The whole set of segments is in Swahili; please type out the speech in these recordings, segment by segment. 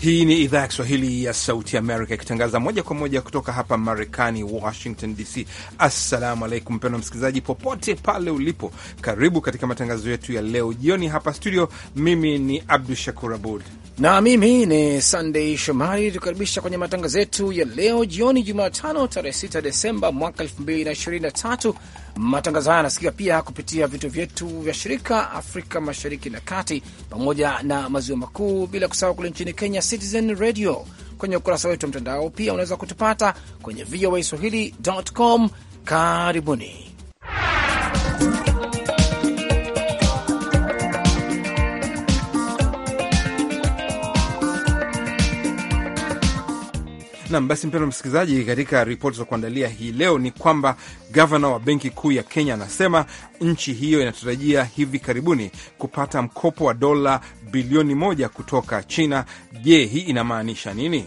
Hii ni idhaa ya Kiswahili ya Sauti Amerika ikitangaza moja kwa moja kutoka hapa Marekani, Washington DC. Assalamu alaikum, mpendwa msikilizaji, popote pale ulipo, karibu katika matangazo yetu ya leo jioni hapa studio. Mimi ni Abdu Shakur Abud na mimi ni Sandei Shomari, tukaribisha kwenye matangazo yetu ya leo jioni, Jumatano tarehe 6 Desemba mwaka 2023 Matangazo haya yanasikika pia kupitia vituo vyetu vya shirika Afrika Mashariki na Kati pamoja na Maziwa Makuu, bila kusahau kule nchini Kenya Citizen Radio. Kwenye ukurasa wetu wa mtandao pia unaweza kutupata kwenye VOA Swahili.com. Karibuni. Nam basi, mpendwa msikilizaji, katika ripoti za kuandalia hii leo ni kwamba gavana wa benki kuu ya Kenya anasema nchi hiyo inatarajia hivi karibuni kupata mkopo wa dola bilioni moja kutoka China. Je, hii inamaanisha nini?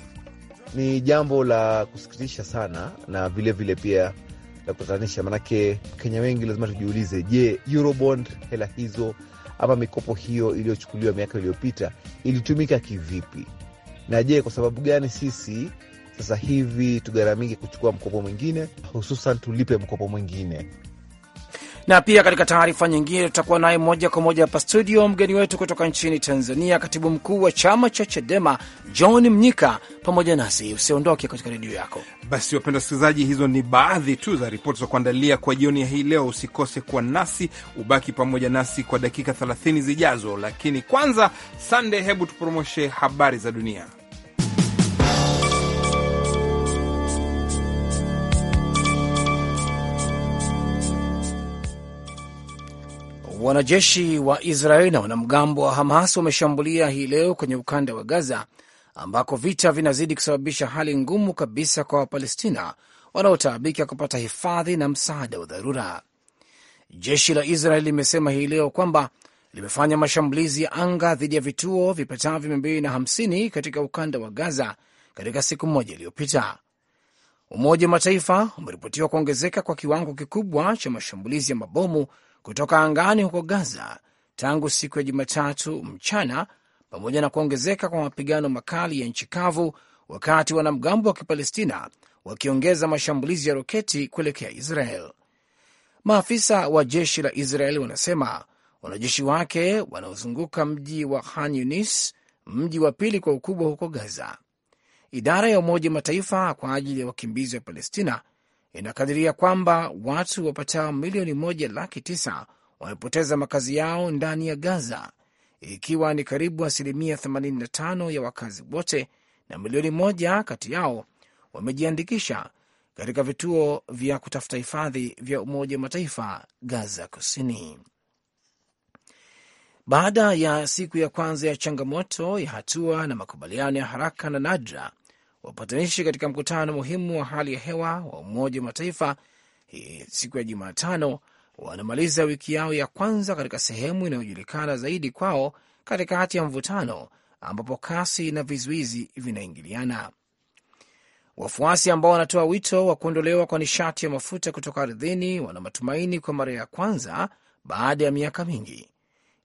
Ni jambo la kusikitisha sana na vilevile vile pia la kutatanisha, manake Kenya wengi lazima tujiulize, je, Eurobond, hela hizo ama mikopo hiyo iliyochukuliwa miaka iliyopita ilitumika kivipi? Na je, kwa sababu gani sisi sasa hivi tugharamike kuchukua mkopo mwingine, hususan tulipe mkopo mwingine. Na pia katika taarifa nyingine, tutakuwa naye moja kwa moja hapa studio mgeni wetu kutoka nchini Tanzania, katibu mkuu wa chama cha Chadema John Mnyika pamoja nasi. Usiondoke katika redio yako. Basi wapenda wasikilizaji, hizo ni baadhi tu za ripoti za kuandalia kwa jioni ya hii leo. Usikose kuwa nasi, ubaki pamoja nasi kwa dakika 30 zijazo, lakini kwanza, Sande, hebu tupromoshe habari za dunia. Wanajeshi wa israel na wanamgambo wa Hamas wameshambulia hii leo kwenye ukanda wa Gaza ambako vita vinazidi kusababisha hali ngumu kabisa kwa Wapalestina wanaotaabika kupata hifadhi na msaada wa dharura. Jeshi la israel limesema hii leo kwamba limefanya mashambulizi ya anga dhidi ya vituo vipatavyo mia mbili na hamsini katika ukanda wa Gaza katika siku moja iliyopita. Umoja wa Mataifa umeripotiwa kuongezeka kwa kiwango kikubwa cha mashambulizi ya mabomu kutoka angani huko Gaza tangu siku ya Jumatatu mchana, pamoja na kuongezeka kwa mapigano makali ya nchi kavu, wakati wanamgambo wa Kipalestina wakiongeza mashambulizi ya roketi kuelekea Israel. Maafisa wa jeshi la Israel wanasema wanajeshi wake wanaozunguka mji wa Khan Yunis, mji wa pili kwa ukubwa huko Gaza. Idara ya Umoja Mataifa kwa ajili ya wakimbizi wa Palestina inakadiria kwamba watu wapatao milioni moja laki tisa wamepoteza makazi yao ndani ya Gaza, ikiwa ni karibu asilimia 85 ya wakazi wote, na milioni moja kati yao wamejiandikisha katika vituo vya kutafuta hifadhi vya Umoja wa Mataifa Gaza Kusini. Baada ya siku ya kwanza ya changamoto ya hatua na makubaliano ya haraka na nadra wapatanishi katika mkutano muhimu wa hali ya hewa wa Umoja wa Mataifa siku ya Jumatano wanamaliza wiki yao ya kwanza katika sehemu inayojulikana zaidi kwao katikati ya mvutano ambapo kasi na vizuizi vinaingiliana. Wafuasi ambao wanatoa wito wa kuondolewa kwa nishati ya mafuta kutoka ardhini wana matumaini kwa mara ya kwanza baada ya miaka mingi,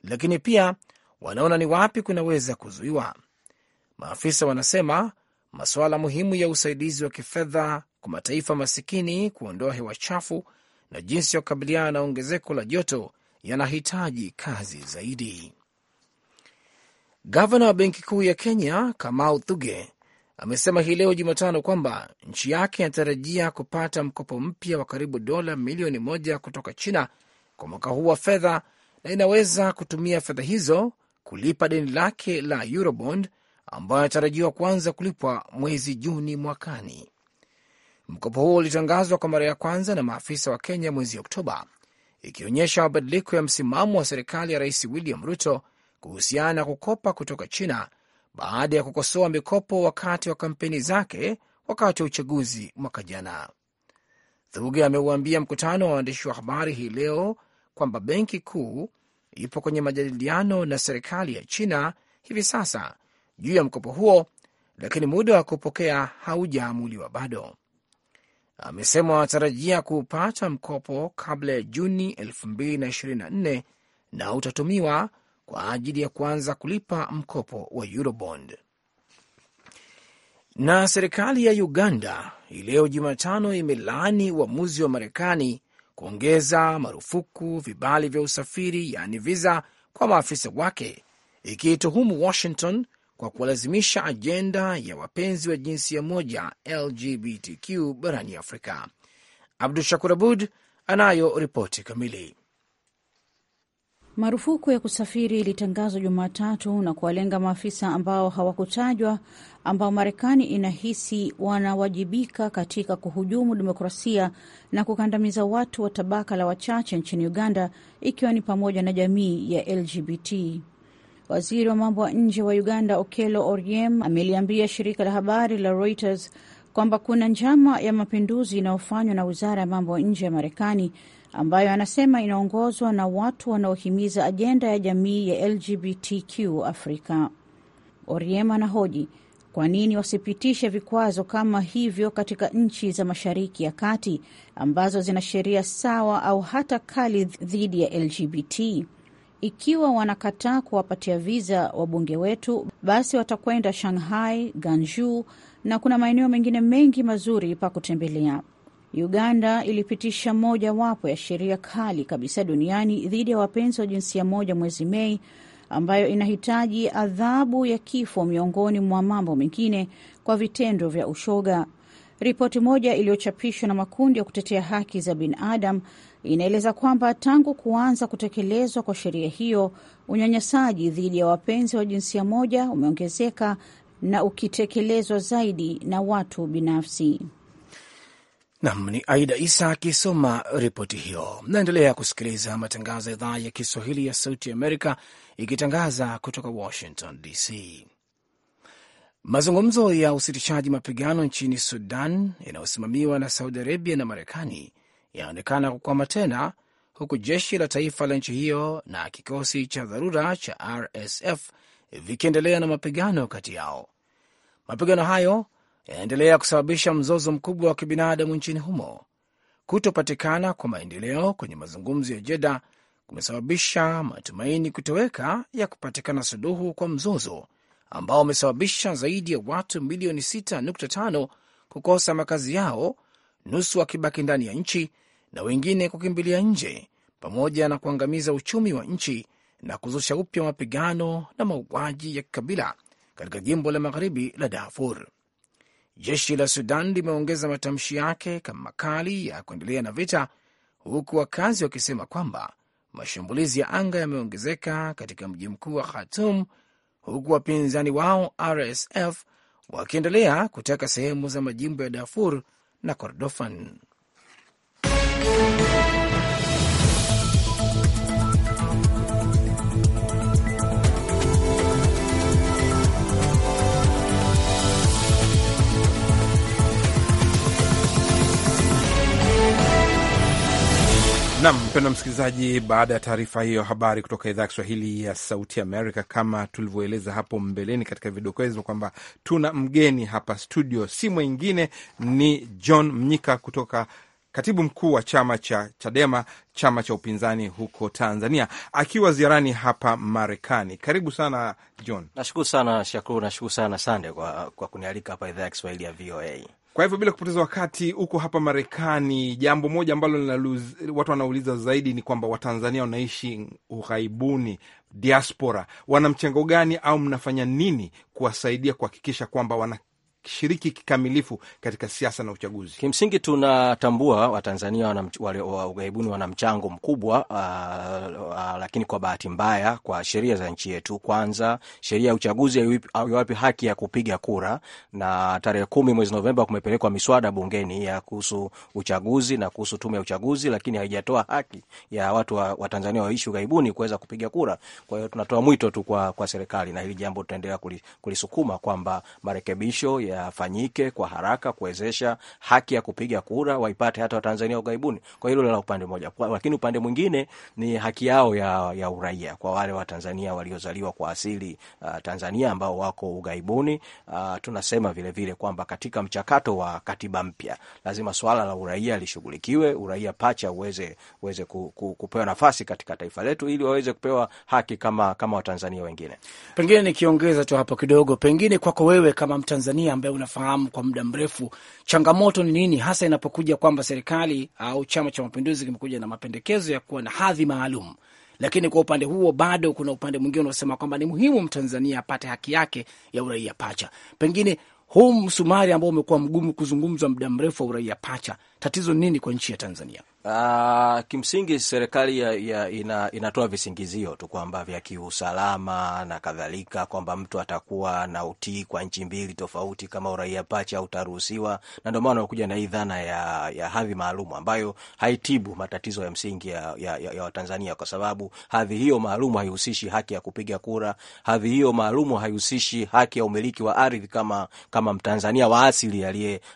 lakini pia wanaona ni wapi kunaweza kuzuiwa. Maafisa wanasema masuala muhimu ya usaidizi wa kifedha kwa mataifa masikini kuondoa hewa chafu na jinsi ya kukabiliana na ongezeko la joto yanahitaji kazi zaidi. Gavana wa Benki Kuu ya Kenya Kamau Thuge amesema hii leo Jumatano kwamba nchi yake inatarajia kupata mkopo mpya wa karibu dola milioni moja kutoka China kwa mwaka huu wa fedha na inaweza kutumia fedha hizo kulipa deni lake la Eurobond ambayo yanatarajiwa kuanza kulipwa mwezi Juni mwakani. Mkopo huo ulitangazwa kwa mara ya kwanza na maafisa wa Kenya mwezi Oktoba, ikionyesha mabadiliko ya msimamo wa serikali ya Rais William Ruto kuhusiana na kukopa kutoka China baada ya kukosoa mikopo wakati wa kampeni zake wakati wa uchaguzi mwaka jana. Thuge ameuambia mkutano wa waandishi wa habari hii leo kwamba benki kuu ipo kwenye majadiliano na serikali ya China hivi sasa juu ya mkopo huo, lakini muda wa kupokea haujaamuliwa bado. Amesema wanatarajia kuupata mkopo kabla ya Juni 2024 na utatumiwa kwa ajili ya kuanza kulipa mkopo wa Eurobond. Na serikali ya Uganda iliyo leo Jumatano imelaani uamuzi wa Marekani kuongeza marufuku vibali vya usafiri, yaani viza, kwa maafisa wake, ikiituhumu Washington kwa kuwalazimisha ajenda ya wapenzi wa jinsi ya moja LGBTQ barani Afrika. Abdu Shakur Abud anayo ripoti kamili. Marufuku ya kusafiri ilitangazwa Jumatatu na kuwalenga maafisa ambao hawakutajwa ambao Marekani inahisi wanawajibika katika kuhujumu demokrasia na kukandamiza watu wa tabaka la wachache nchini Uganda, ikiwa ni pamoja na jamii ya LGBT. Waziri wa mambo ya nje wa Uganda Okello Oryem ameliambia shirika la habari la Reuters kwamba kuna njama ya mapinduzi inayofanywa na wizara ya mambo ya nje ya Marekani ambayo anasema inaongozwa na watu wanaohimiza ajenda ya jamii ya LGBTQ Afrika. Oryem anahoji kwa nini wasipitishe vikwazo kama hivyo katika nchi za Mashariki ya Kati ambazo zina sheria sawa au hata kali dhidi ya LGBT. Ikiwa wanakataa kuwapatia viza wabunge wetu, basi watakwenda Shanghai, Ganju na kuna maeneo mengine mengi mazuri pa kutembelea. Uganda ilipitisha mojawapo ya sheria kali kabisa duniani dhidi ya wapenzi wa jinsia moja mwezi Mei, ambayo inahitaji adhabu ya kifo miongoni mwa mambo mengine kwa vitendo vya ushoga. Ripoti moja iliyochapishwa na makundi ya kutetea haki za binadamu inaeleza kwamba tangu kuanza kutekelezwa kwa sheria hiyo, unyanyasaji dhidi ya wapenzi wa jinsia moja umeongezeka na ukitekelezwa zaidi na watu binafsi. Nam ni Aida Isa akisoma ripoti hiyo. naendelea kusikiliza matangazo ya idhaa ya Kiswahili ya Sauti Amerika ikitangaza kutoka Washington DC. Mazungumzo ya usitishaji mapigano nchini Sudan yanayosimamiwa na Saudi Arabia na Marekani yanaonekana kukwama tena, huku jeshi la taifa la nchi hiyo na kikosi cha dharura cha RSF vikiendelea na mapigano kati yao. Mapigano hayo yanaendelea kusababisha mzozo mkubwa wa kibinadamu nchini humo. Kutopatikana kwa maendeleo kwenye mazungumzo ya Jeda kumesababisha matumaini kutoweka ya kupatikana suluhu kwa mzozo ambao umesababisha zaidi ya watu milioni 6.5 kukosa makazi yao, nusu wakibaki ndani ya nchi na wengine kukimbilia nje, pamoja na kuangamiza uchumi wa nchi na kuzusha upya mapigano na mauaji ya kikabila katika jimbo la magharibi la Darfur. Jeshi la Sudan limeongeza matamshi yake kama makali ya kuendelea na vita, huku wakazi wakisema kwamba mashambulizi ya anga yameongezeka katika mji mkuu wa Khartoum, huku wapinzani wao RSF wakiendelea kuteka sehemu za majimbo ya Darfur na Kordofan. Nam mpenda msikilizaji, baada ya taarifa hiyo habari kutoka idhaa ya Kiswahili ya Sauti Amerika. Kama tulivyoeleza hapo mbeleni katika vidokezo kwamba tuna mgeni hapa studio, si mwingine ni John Mnyika kutoka katibu mkuu wa chama cha Chadema, chama cha upinzani huko Tanzania, akiwa ziarani hapa Marekani. Karibu sana John. Nashukuru sana Shakuru, nashukuru sana Sande kwa, kwa kunialika hapa idhaa ya Kiswahili ya VOA. Kwa hivyo bila kupoteza wakati, huko hapa Marekani, jambo moja ambalo watu wanauliza zaidi ni kwamba Watanzania wanaishi ughaibuni, diaspora, wana mchango gani au mnafanya nini kuwasaidia kuhakikisha kwamba wana kushiriki kikamilifu katika siasa na uchaguzi. Kimsingi tunatambua Watanzania ughaibuni wana mchango mkubwa uh, uh, lakini kwa bahati mbaya, kwa sheria za nchi yetu, kwanza sheria ya uchaguzi haiwapi haki ya kupiga kura, na tarehe kumi mwezi Novemba kumepelekwa miswada bungeni ya kuhusu uchaguzi na kuhusu tume ya uchaguzi, lakini haijatoa haki ya watu wa, wa Tanzania waishi ughaibuni kuweza kupiga kura. Kwa hiyo tunatoa mwito tu kwa, kwa serikali na hili jambo tutaendelea kulisukuma kwamba marekebisho ya yafanyike kwa haraka kuwezesha haki ya kupiga kura waipate hata Watanzania ughaibuni. Kwa hilo la upande mmoja, lakini upande mwingine ni haki yao ya, ya uraia kwa wale Watanzania waliozaliwa kwa asili uh, Tanzania ambao wako ughaibuni. Uh, tunasema vilevile kwamba katika mchakato wa katiba mpya lazima swala la uraia lishughulikiwe, uraia pacha uweze, uweze ku, ku, kupewa nafasi katika taifa letu ili waweze kupewa haki kama, kama Watanzania wengine. Pengine nikiongeza tu hapo kidogo, pengine kwako wewe kama Mtanzania ambaye unafahamu kwa muda mrefu, changamoto ni nini hasa inapokuja kwamba serikali au Chama cha Mapinduzi kimekuja na mapendekezo ya kuwa na hadhi maalum, lakini kwa upande huo bado kuna upande mwingine unaosema kwamba ni muhimu Mtanzania apate haki yake ya uraia pacha. Pengine huu msumari ambao umekuwa mgumu kuzungumzwa muda mrefu wa uraia pacha, tatizo nini kwa nchi ya Tanzania? Uh, kimsingi serikali ya, ya, ina, inatoa visingizio tu kwamba vya kiusalama na kadhalika, kwamba mtu atakuwa na utii kwa nchi mbili tofauti kama uraia pacha utaruhusiwa, na ndio maana wanakuja na hii dhana ya, ya hadhi maalum ambayo haitibu matatizo ya msingi ya, ya, ya Watanzania kwa sababu hadhi hiyo maalum haihusishi haki ya kupiga kura. Hadhi hiyo maalum haihusishi haki ya umiliki wa ardhi kama, kama Mtanzania wa asili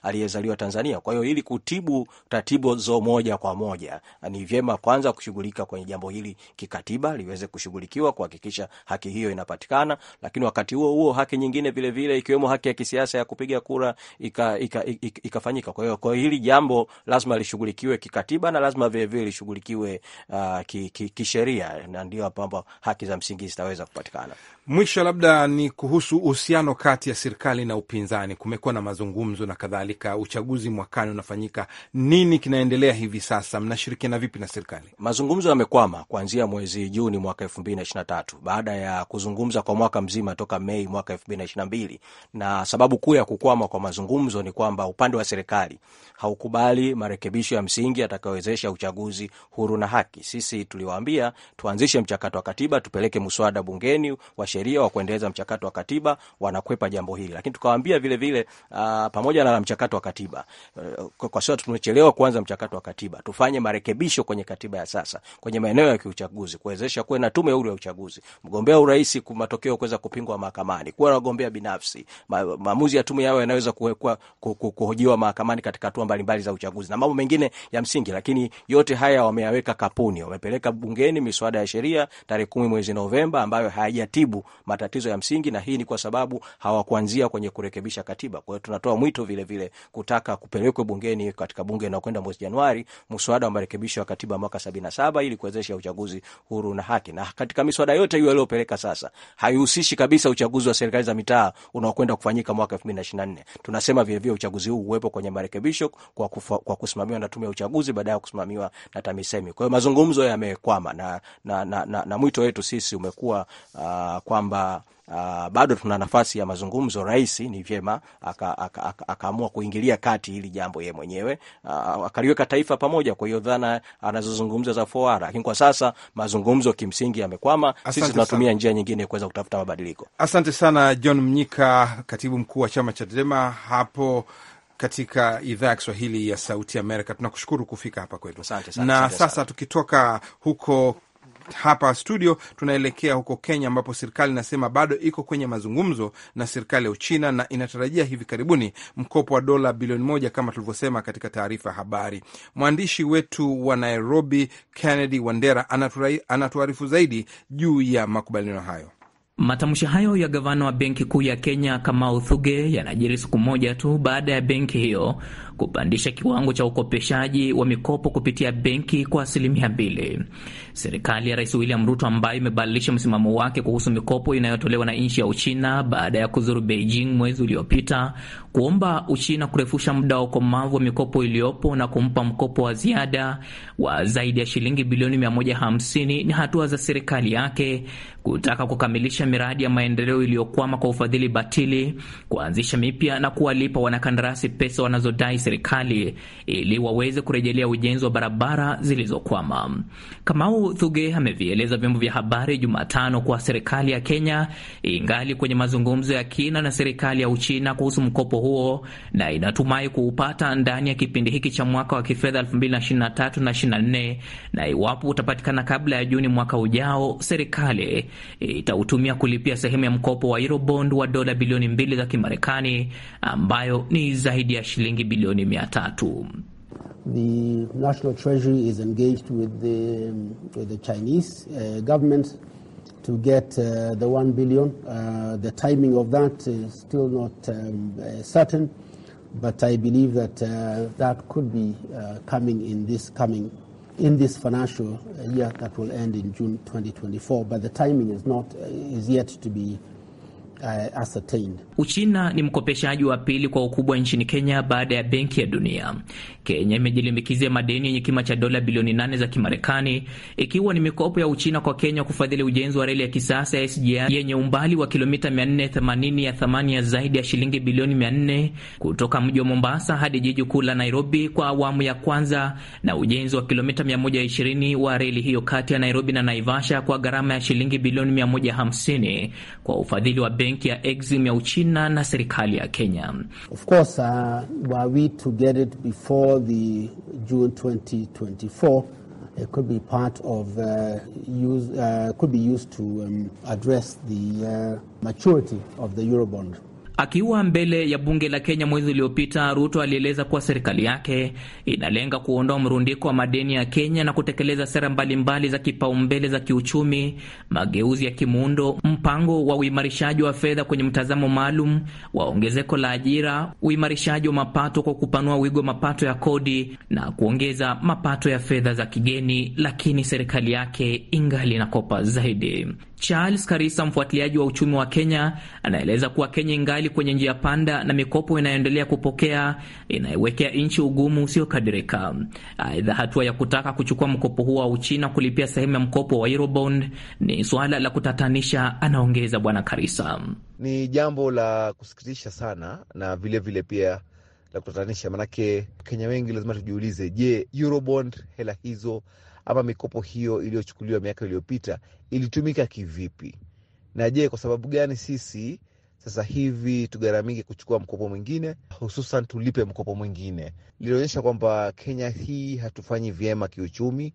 aliyezaliwa Tanzania. Kwa hiyo ili kutibu zo moja kwa pamoja, ni vyema kwanza kushughulika kwenye jambo hili kikatiba, liweze kushughulikiwa kuhakikisha haki hiyo inapatikana, lakini wakati huo huo haki nyingine vilevile vile, ikiwemo haki ya kisiasa ya kupiga kura ikafanyika ika, ika, ika. Kwa hiyo kwa hili jambo lazima lishughulikiwe kikatiba na lazima vilevile lishughulikiwe uh, ki, ki, kisheria, na ndio ambapo haki za msingi zitaweza kupatikana. Mwisho labda ni kuhusu uhusiano kati ya serikali na upinzani. Kumekuwa na mazungumzo na kadhalika, uchaguzi mwakani unafanyika, nini kinaendelea hivi sasa? sasa mnashirikiana vipi na serikali? Mazungumzo yamekwama kuanzia mwezi Juni mwaka elfu mbili na ishirini na tatu baada ya kuzungumza kwa mwaka mzima toka Mei mwaka elfu mbili na ishirini na mbili na sababu kuu ya kukwama kwa mazungumzo ni kwamba upande wa serikali haukubali marekebisho ya msingi yatakayowezesha uchaguzi huru na haki. Sisi tuliwaambia tuanzishe mchakato wa katiba, tupeleke mswada bungeni wa sheria wa kuendeleza mchakato wa katiba, wanakwepa jambo hili, lakini tukawaambia vilevile uh, ah, pamoja na mchakato wa katiba uh, kwa sababu tumechelewa kuanza mchakato wa katiba kufanya marekebisho kwenye katiba ya sasa kwenye maeneo ya kiuchaguzi, kuwezesha kuwe na tume huru ya uchaguzi, mgombea urais, matokeo kuweza kupingwa mahakamani, kuwa na wagombea binafsi, maamuzi ya tume yao yanaweza kuwekwa kuhojiwa mahakamani katika hatua mbalimbali za uchaguzi na mambo mengine ya msingi. Lakini yote haya wameyaweka kapuni, wamepeleka bungeni miswada ya sheria tarehe kumi mwezi Novemba ambayo hayajatibu matatizo ya msingi, na hii ni kwa sababu hawakuanzia kwenye kurekebisha katiba. Kwa hiyo tunatoa mwito vilevile vile kutaka kupelekwe bungeni katika bunge inayokwenda mwezi Januari mswada wa marekebisho ya katiba mwaka saba ili kuwezesha uchaguzi huru na haki. Na katika miswada yote hiyo aliyopeleka sasa haihusishi kabisa uchaguzi wa serikali za mitaa unaokwenda kufanyika mwaka nne. Tunasema vilevile uchaguzi huu uwepo kwenye marekebisho kwa, kwa kusimamiwa na tume ya uchaguzi baada ya kusimamiwa na TAMISEMI. Kwa hiyo mazungumzo yamekwama na, na, na, na, na mwito wetu sisi umekuwa uh, kwamba Uh, bado tuna nafasi ya mazungumzo. Rais ni vyema akaamua aka, aka, aka kuingilia kati hili jambo yeye mwenyewe uh, akaliweka taifa pamoja. Kwa hiyo dhana anazozungumza za foara, lakini kwa sasa mazungumzo kimsingi yamekwama. Sisi tunatumia njia nyingine kuweza kutafuta mabadiliko. Asante sana John Mnyika, katibu mkuu wa chama cha dema hapo katika idhaa ya Kiswahili ya Sauti Amerika. Tunakushukuru kufika hapa kwetu na Sasa tukitoka huko hapa studio tunaelekea huko Kenya, ambapo serikali inasema bado iko kwenye mazungumzo na serikali ya Uchina na inatarajia hivi karibuni mkopo wa dola bilioni moja kama tulivyosema katika taarifa ya habari. Mwandishi wetu wa Nairobi, Kennedy Wandera, anatuarifu zaidi juu ya makubaliano hayo. Matamshi hayo ya gavana wa benki kuu ya Kenya Kamau Thuge yanajiri siku moja tu baada ya benki hiyo kupandisha kiwango cha ukopeshaji wa mikopo kupitia benki kwa asilimia mbili. Serikali ya Rais William Ruto ambayo imebadilisha msimamo wake kuhusu mikopo inayotolewa na nchi ya Uchina baada ya kuzuru Beijing mwezi uliopita kuomba Uchina kurefusha muda wa ukomavu wa mikopo iliyopo na kumpa mkopo wa ziada wa zaidi ya shilingi bilioni 150 ni hatua za serikali yake kutaka kukamilisha miradi ya maendeleo iliyokwama kwa ufadhili batili, kuanzisha mipya na kuwalipa wanakandarasi pesa wanazodai serikali ili waweze kurejelea ujenzi wa barabara zilizokwama. Kamau Thuge amevieleza vyombo vya habari Jumatano kuwa serikali ya Kenya ingali kwenye mazungumzo ya kina na serikali ya Uchina kuhusu mkopo huo na inatumai kuupata ndani ya kipindi hiki cha mwaka wa kifedha 2023 na na iwapo utapatikana kabla ya Juni mwaka ujao, serikali itautumia kulipia sehemu ya mkopo wa Eurobond wa dola bilioni mbili za Kimarekani ambayo ni zaidi ya shilingi bilioni milioni mia tatu. The National Treasury is engaged with the, with the Chinese uh, government to get uh, the 1 billion. Uh, the timing of that is still not um, uh, certain, but I believe that uh, that could be uh, coming in this coming in this financial uh, year that will end in June 2024, but the timing is not is yet to be uh, ascertained. Uchina ni mkopeshaji wa pili kwa ukubwa nchini Kenya baada ya Benki ya Dunia. Kenya imejilimbikizia madeni yenye kima cha dola bilioni nane za Kimarekani, ikiwa ni mikopo ya Uchina kwa Kenya kufadhili ujenzi wa reli ya kisasa ya SGR yenye umbali wa kilomita 480 ya thamani ya zaidi ya shilingi bilioni 400 kutoka mji wa Mombasa hadi jiji kuu la Nairobi kwa awamu ya kwanza na ujenzi wa kilomita 120 wa reli hiyo kati ya Nairobi na Naivasha kwa gharama ya shilingi bilioni 150 kwa ufadhili wa benki benki ya Exim ya Uchina na serikali ya Kenya. Of course, uh, were we to get it before the June 2024 it could be part of uh, use, uh, could be used to um, address the uh, maturity of the Eurobond. Akiwa mbele ya bunge la Kenya mwezi uliopita, Ruto alieleza kuwa serikali yake inalenga kuondoa mrundiko wa madeni ya Kenya na kutekeleza sera mbalimbali mbali za kipaumbele za kiuchumi, mageuzi ya kimuundo, mpango wa uimarishaji wa fedha kwenye mtazamo maalum wa ongezeko la ajira, uimarishaji wa mapato kwa kupanua wigo mapato ya kodi na kuongeza mapato ya fedha za kigeni, lakini serikali yake ingali inakopa zaidi. Charles Karisa, mfuatiliaji wa uchumi wa Kenya, anaeleza kuwa Kenya ingali kwenye njia panda na mikopo inayoendelea kupokea inaiwekea nchi ugumu usiokadirika. Aidha, hatua ya kutaka kuchukua mkopo huo wa Uchina kulipia sehemu ya mkopo wa Eurobond ni suala la kutatanisha, anaongeza Bwana Karisa. Ni jambo la kusikitisha sana na vilevile vile pia la kutatanisha, manake Kenya wengi lazima tujiulize, je, Eurobond hela hizo ama mikopo hiyo iliyochukuliwa miaka iliyopita ilitumika kivipi, na je, kwa sababu gani sisi sasa hivi tugharamike kuchukua mkopo mwingine, hususan tulipe mkopo mwingine. Lilionyesha kwamba Kenya hii hatufanyi vyema kiuchumi,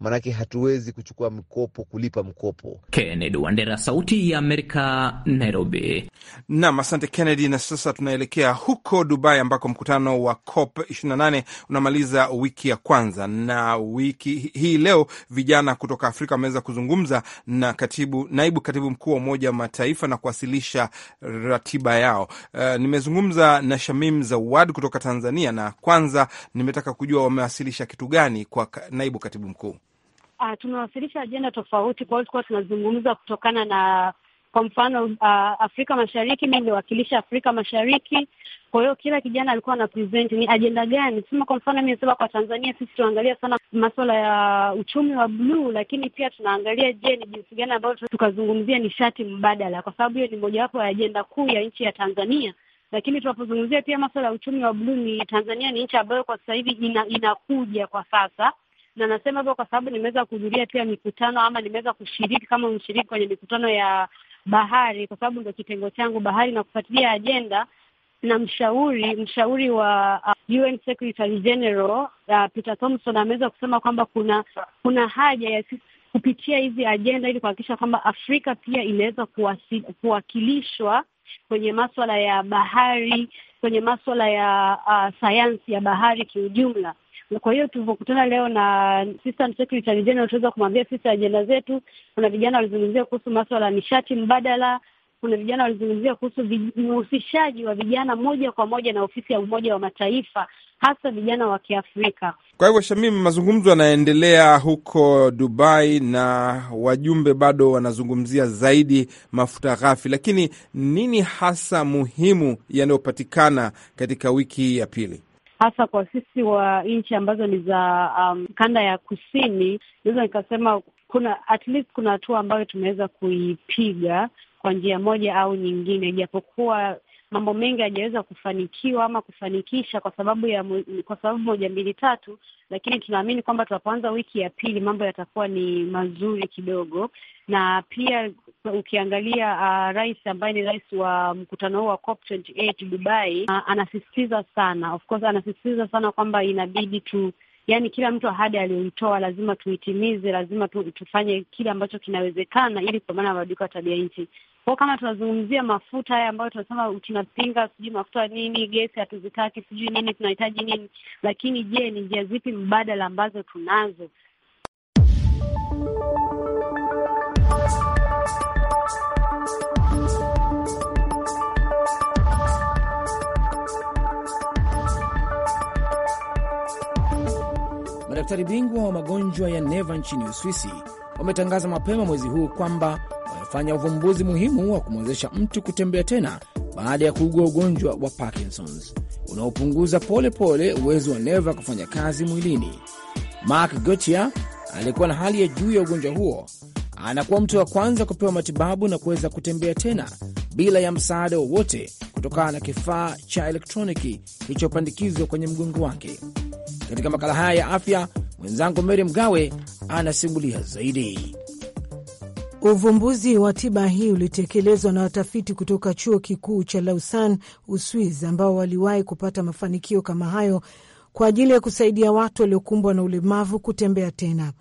maanake hatuwezi kuchukua mkopo kulipa mkopo. Kennedy Wandera, Sauti ya Amerika, Nairobi. Nam, asante Kennedy. Na sasa tunaelekea huko Dubai ambako mkutano wa COP 28 unamaliza wiki ya kwanza, na wiki hii leo vijana kutoka Afrika wameweza kuzungumza na katibu, naibu katibu mkuu wa Umoja wa Mataifa na kuwasilisha ratiba yao. Uh, nimezungumza na Shamim Zawad kutoka Tanzania, na kwanza nimetaka kujua wamewasilisha kitu gani kwa naibu katibu mkuu uh, tunawasilisha ajenda tofauti. Kwa hiyo tulikuwa tunazungumza kutokana na kwa mfano uh, Afrika Mashariki, mi niliwakilisha Afrika Mashariki. Kwa hiyo kila kijana alikuwa ana present ni ajenda gani. Sema kwa mfano, mi nasema kwa Tanzania sisi tunaangalia sana maswala ya uchumi wa bluu, lakini pia tunaangalia, je, ni jinsi gani ambayo tukazungumzia nishati mbadala, kwa sababu hiyo ni mojawapo ya ajenda kuu ya nchi ya Tanzania. Lakini tunapozungumzia pia maswala ya uchumi wa bluu, ni Tanzania ni nchi ambayo kwa sasa hivi ina, inakuja kwa sasa na nasema hivyo kwa sababu nimeweza kuhudhuria pia mikutano ama nimeweza kushiriki kama mshiriki kwenye mikutano ya bahari, kwa sababu ndio kitengo changu bahari, na kufuatilia ajenda na mshauri mshauri wa uh, UN Secretary General uh, Peter Thompson ameweza kusema kwamba kuna kuna haja ya kupitia hizi ajenda ili kuhakikisha kwamba Afrika pia inaweza kuwakilishwa kwenye maswala ya bahari, kwenye maswala ya uh, sayansi ya bahari kiujumla. Kwa hiyo tulivyokutana leo na Assistant Secretary General, tuweza kumwambia sisi ajenda zetu. Kuna vijana walizungumzia kuhusu maswala ya nishati mbadala, kuna vijana walizungumzia kuhusu uhusishaji wa vijana moja kwa moja na ofisi ya Umoja wa Mataifa, hasa vijana wa Kiafrika. Kwa hivyo, Shamim, mazungumzo yanaendelea huko Dubai na wajumbe bado wanazungumzia zaidi mafuta ghafi, lakini nini hasa muhimu yanayopatikana katika wiki hii ya pili? hasa kwa sisi wa nchi ambazo ni za um, kanda ya kusini, naweza nikasema kuna at least kuna hatua ambayo tumeweza kuipiga kwa njia moja au nyingine, ijapokuwa mambo mengi hajaweza kufanikiwa ama kufanikisha kwa sababu ya kwa sababu moja mbili tatu, lakini tunaamini kwamba tunapoanza wiki ya pili mambo yatakuwa ni mazuri kidogo. Na pia ukiangalia uh, rais ambaye ni rais wa mkutano huu wa COP28 Dubai, uh, anasisitiza sana of course, anasisitiza sana kwamba inabidi tu yaani kila mtu ahadi aliyoitoa lazima tuitimize, lazima tu, tufanye kile ambacho kinawezekana ili kupambana na mabadiliko ya tabia nchi. Kwao kama tunazungumzia mafuta haya ambayo tunasema tunapinga, sijui mafuta nini, gesi hatuzitaki, sijui nini, tunahitaji nini, lakini je, ni njia zipi mbadala ambazo tunazo? Madaktari bingwa wa magonjwa ya neva nchini Uswisi wametangaza mapema mwezi huu kwamba wamefanya uvumbuzi muhimu wa kumwezesha mtu kutembea tena baada ya kuugua ugonjwa wa Parkinsons unaopunguza polepole uwezo wa neva kufanya kazi mwilini. Mark Gotia aliyekuwa na hali ya juu ya ugonjwa huo anakuwa mtu wa kwanza kupewa matibabu na kuweza kutembea tena bila ya msaada wowote kutokana na kifaa cha elektroniki kilichopandikizwa kwenye mgongo wake. Katika makala haya ya afya, mwenzangu Mary Mgawe anasimulia zaidi. Uvumbuzi wa tiba hii ulitekelezwa na watafiti kutoka chuo kikuu cha Lausanne, Uswiz, ambao waliwahi kupata mafanikio kama hayo kwa ajili ya kusaidia watu waliokumbwa na ulemavu kutembea tena.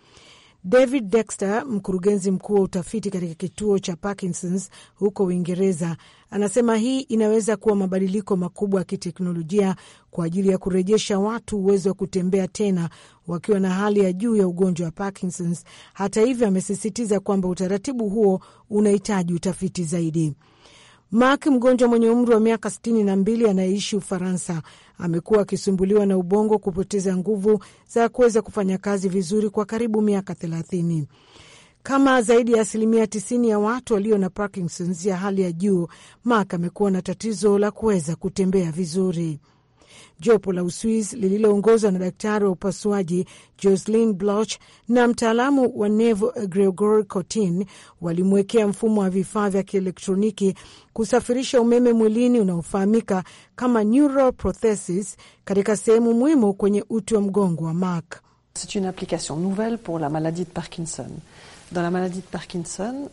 David Dexter, mkurugenzi mkuu wa utafiti katika kituo cha Parkinsons huko Uingereza, anasema hii inaweza kuwa mabadiliko makubwa ya kiteknolojia kwa ajili ya kurejesha watu uwezo wa kutembea tena wakiwa na hali ya juu ya ugonjwa wa Parkinsons. Hata hivyo, amesisitiza kwamba utaratibu huo unahitaji utafiti zaidi. Mark, mgonjwa mwenye umri wa miaka sitini na mbili anayeishi Ufaransa, amekuwa akisumbuliwa na ubongo kupoteza nguvu za kuweza kufanya kazi vizuri kwa karibu miaka thelathini. Kama zaidi ya asilimia tisini ya watu walio na Parkinson's ya hali ya juu, Mark amekuwa na tatizo la kuweza kutembea vizuri. Jopo la Uswiz lililoongozwa na daktari wa upasuaji Joselin Bloch na mtaalamu wa nevo Gregor Cotin walimwekea mfumo wa vifaa vya kielektroniki kusafirisha umeme mwilini unaofahamika kama neural prothesis katika sehemu muhimu kwenye uti wa mgongo wa Mark. C'est une application nouvelle pour la maladie de Parkinson. Dans la maladie de Parkinson,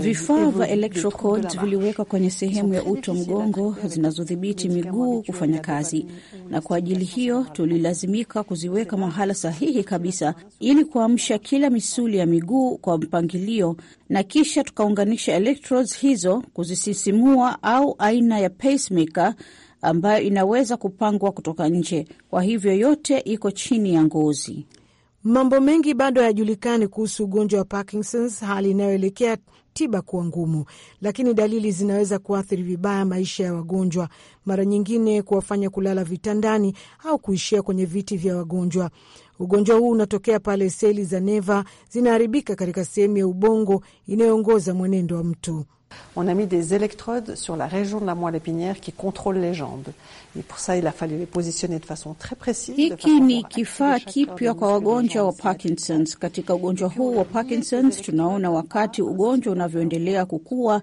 Vifaa vya viliwekwa kwenye sehemu ya uto mgongo zinazodhibiti miguu kufanya kazi, na kwa ajili hiyo tulilazimika kuziweka mahala sahihi kabisa ili kuamsha kila misuli ya miguu kwa mpangilio, na kisha tukaunganisha electrodes hizo kuzisisimua au aina ya pacemaker ambayo inaweza kupangwa kutoka nje. Kwa hivyo yote iko chini ya ngozi. Mambo mengi bado hayajulikani kuhusu ugonjwa wa Parkinsons, hali inayoelekea tiba kuwa ngumu, lakini dalili zinaweza kuathiri vibaya maisha ya wagonjwa, mara nyingine kuwafanya kulala vitandani au kuishia kwenye viti vya wagonjwa. Ugonjwa huu unatokea pale seli za neva zinaharibika katika sehemu ya ubongo inayoongoza mwenendo wa mtu. On a mis des électrodes sur la région de la moelle épinière qui contrôle les jambes. Et pour ça, il a fallu les positionner de façon très précise. Hiki ni kifaa kipya kwa wagonjwa wa Parkinson's. Katika ugonjwa huu wa Parkinson's, tunaona wakati ugonjwa unavyoendelea kukua,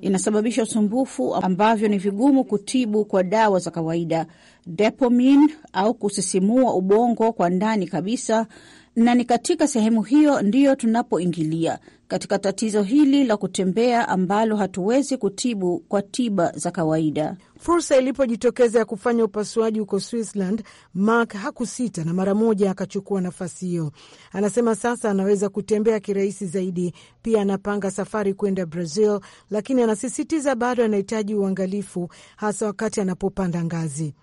inasababisha usumbufu ambavyo ni vigumu kutibu kwa dawa za kawaida, dopamine au kusisimua ubongo kwa ndani kabisa na ni katika sehemu hiyo ndiyo tunapoingilia katika tatizo hili la kutembea ambalo hatuwezi kutibu kwa tiba za kawaida. Fursa ilipojitokeza ya kufanya upasuaji huko Switzerland, Mark hakusita na mara moja akachukua nafasi hiyo. Anasema sasa anaweza kutembea kirahisi zaidi. Pia anapanga safari kwenda Brazil, lakini anasisitiza bado anahitaji uangalifu, hasa wakati anapopanda ngazi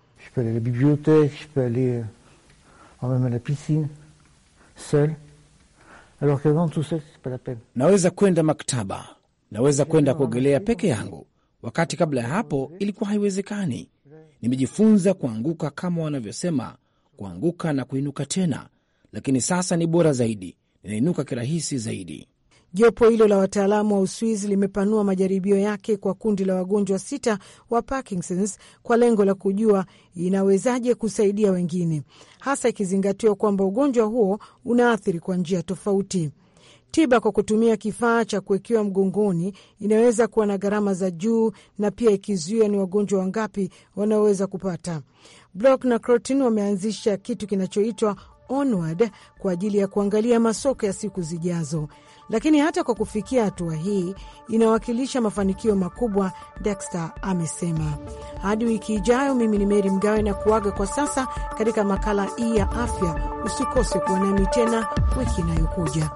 seul, alors que tout seul, c'est pas la peine. Naweza kwenda maktaba, naweza kwenda kuogelea peke yangu, wakati kabla ya hapo ilikuwa haiwezekani. Nimejifunza kuanguka kama wanavyosema kuanguka na kuinuka tena, lakini sasa ni bora zaidi, ninainuka kirahisi zaidi. Jopo hilo la wataalamu wa Uswizi limepanua majaribio yake kwa kundi la wagonjwa sita wa Parkinsons kwa lengo la kujua inawezaje kusaidia wengine, hasa ikizingatiwa kwamba ugonjwa huo unaathiri kwa njia tofauti. Tiba kwa kutumia kifaa cha kuwekewa mgongoni inaweza kuwa na gharama za juu na pia ikizuia ni wagonjwa wangapi wanaoweza kupata. Block na Crotin wameanzisha kitu kinachoitwa Onward kwa ajili ya kuangalia masoko ya siku zijazo lakini hata kwa kufikia hatua hii inawakilisha mafanikio makubwa, Dexter amesema. Hadi wiki ijayo, mimi ni Meri Mgawe na kuaga kwa sasa katika makala hii ya afya. Usikose kuwa nami tena wiki inayokuja.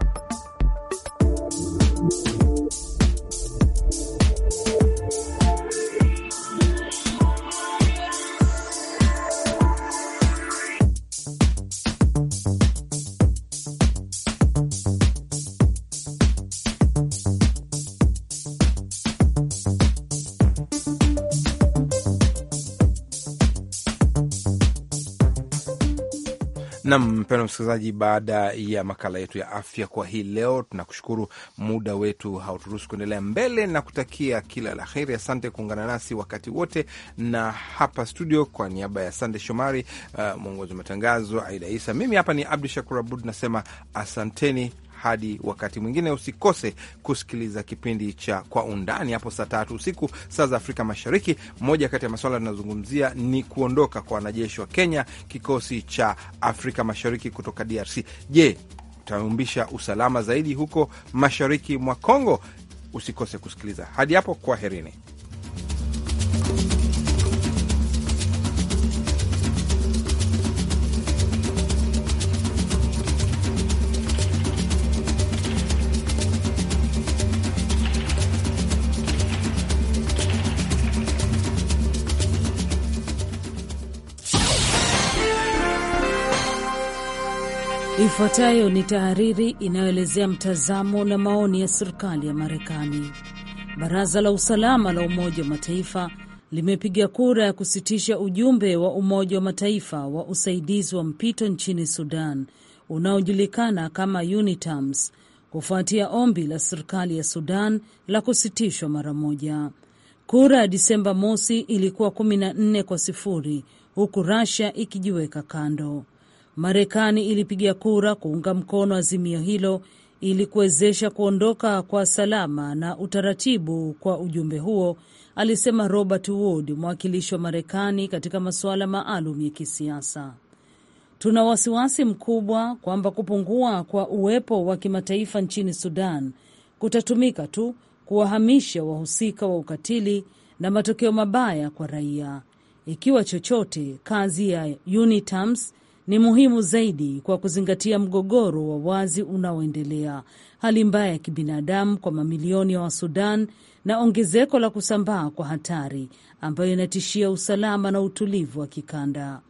mpendwa msikilizaji, baada ya makala yetu ya afya kwa hii leo, tunakushukuru. Muda wetu hauturuhusu kuendelea mbele na kutakia kila la heri. Asante kuungana nasi wakati wote, na hapa studio, kwa niaba ya Sande Shomari, uh, mwongozi wa matangazo, Aida Isa, mimi hapa ni Abdu Shakur Abud nasema asanteni hadi wakati mwingine, usikose kusikiliza kipindi cha Kwa Undani hapo saa tatu usiku saa za Afrika Mashariki. Moja kati ya masuala tunazungumzia ni kuondoka kwa wanajeshi wa Kenya, kikosi cha Afrika Mashariki kutoka DRC. Je, utaumbisha usalama zaidi huko mashariki mwa Kongo? Usikose kusikiliza. Hadi hapo, kwaherini. Ifuatayo ni tahariri inayoelezea mtazamo na maoni ya serikali ya Marekani. Baraza la Usalama la Umoja wa Mataifa limepiga kura ya kusitisha ujumbe wa Umoja wa Mataifa wa usaidizi wa mpito nchini Sudan unaojulikana kama UNITAMS kufuatia ombi la serikali ya Sudan la kusitishwa mara moja. Kura ya Disemba mosi ilikuwa 14 kwa sifuri huku Russia ikijiweka kando. Marekani ilipiga kura kuunga mkono azimio hilo ili kuwezesha kuondoka kwa salama na utaratibu kwa ujumbe huo, alisema Robert Wood, mwakilishi wa Marekani katika masuala maalum ya kisiasa. Tuna wasiwasi mkubwa kwamba kupungua kwa uwepo wa kimataifa nchini Sudan kutatumika tu kuwahamisha wahusika wa ukatili na matokeo mabaya kwa raia. Ikiwa chochote, kazi ya UNITAMS ni muhimu zaidi kwa kuzingatia mgogoro wa wazi unaoendelea, hali mbaya ya kibinadamu kwa mamilioni ya wa Wasudan na ongezeko la kusambaa kwa hatari ambayo inatishia usalama na utulivu wa kikanda.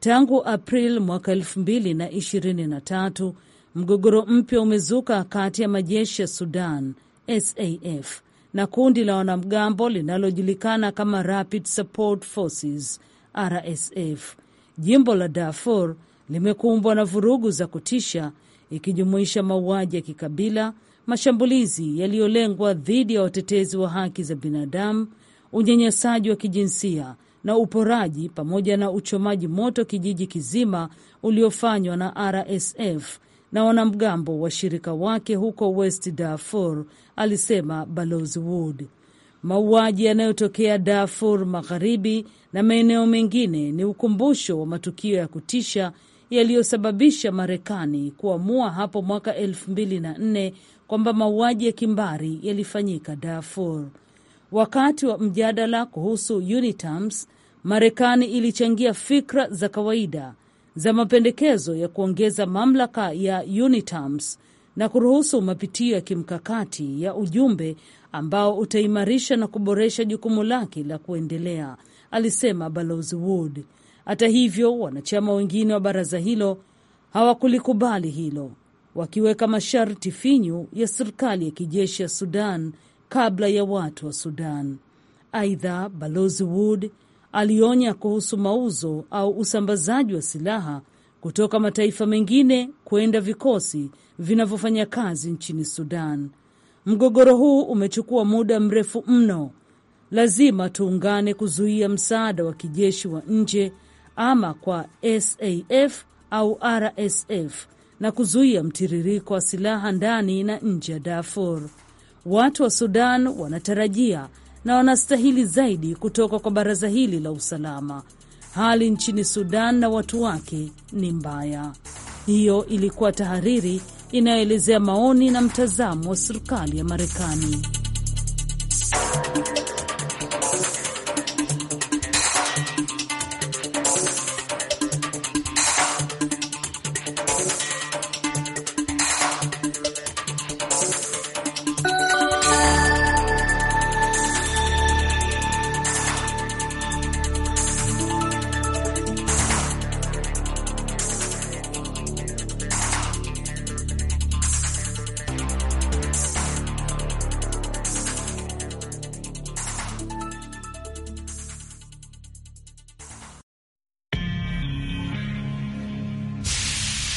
Tangu April mwaka 2023 mgogoro mpya umezuka kati ya majeshi ya Sudan SAF na kundi la wanamgambo linalojulikana kama Rapid Support Forces RSF Jimbo la Darfur limekumbwa na vurugu za kutisha ikijumuisha mauaji ya kikabila, mashambulizi yaliyolengwa dhidi ya watetezi wa haki za binadamu, unyanyasaji wa kijinsia na uporaji pamoja na uchomaji moto kijiji kizima uliofanywa na RSF na wanamgambo washirika wake huko West Darfur, alisema Balozi Wood. Mauaji yanayotokea Darfur Magharibi na maeneo mengine ni ukumbusho wa matukio ya kutisha yaliyosababisha Marekani kuamua hapo mwaka elfu kwamba mauaji ya kimbari yalifanyika Darfur. Wakati wa mjadala kuhusu UNITAMS, Marekani ilichangia fikra za kawaida za mapendekezo ya kuongeza mamlaka ya UNITAMS na kuruhusu mapitio ya kimkakati ya ujumbe ambao utaimarisha na kuboresha jukumu lake la kuendelea, alisema Balozi Wood. Hata hivyo, wanachama wengine wa baraza hilo hawakulikubali hilo, wakiweka masharti finyu ya serikali ya kijeshi ya Sudan kabla ya watu wa Sudan. Aidha, Balozi Wood alionya kuhusu mauzo au usambazaji wa silaha kutoka mataifa mengine kwenda vikosi vinavyofanya kazi nchini Sudan. Mgogoro huu umechukua muda mrefu mno. Lazima tuungane kuzuia msaada wa kijeshi wa nje ama kwa SAF au RSF na kuzuia mtiririko wa silaha ndani na nje ya Darfur. Watu wa Sudan wanatarajia na wanastahili zaidi kutoka kwa baraza hili la usalama Hali nchini Sudan na watu wake ni mbaya. Hiyo ilikuwa tahariri inayoelezea maoni na mtazamo wa serikali ya Marekani.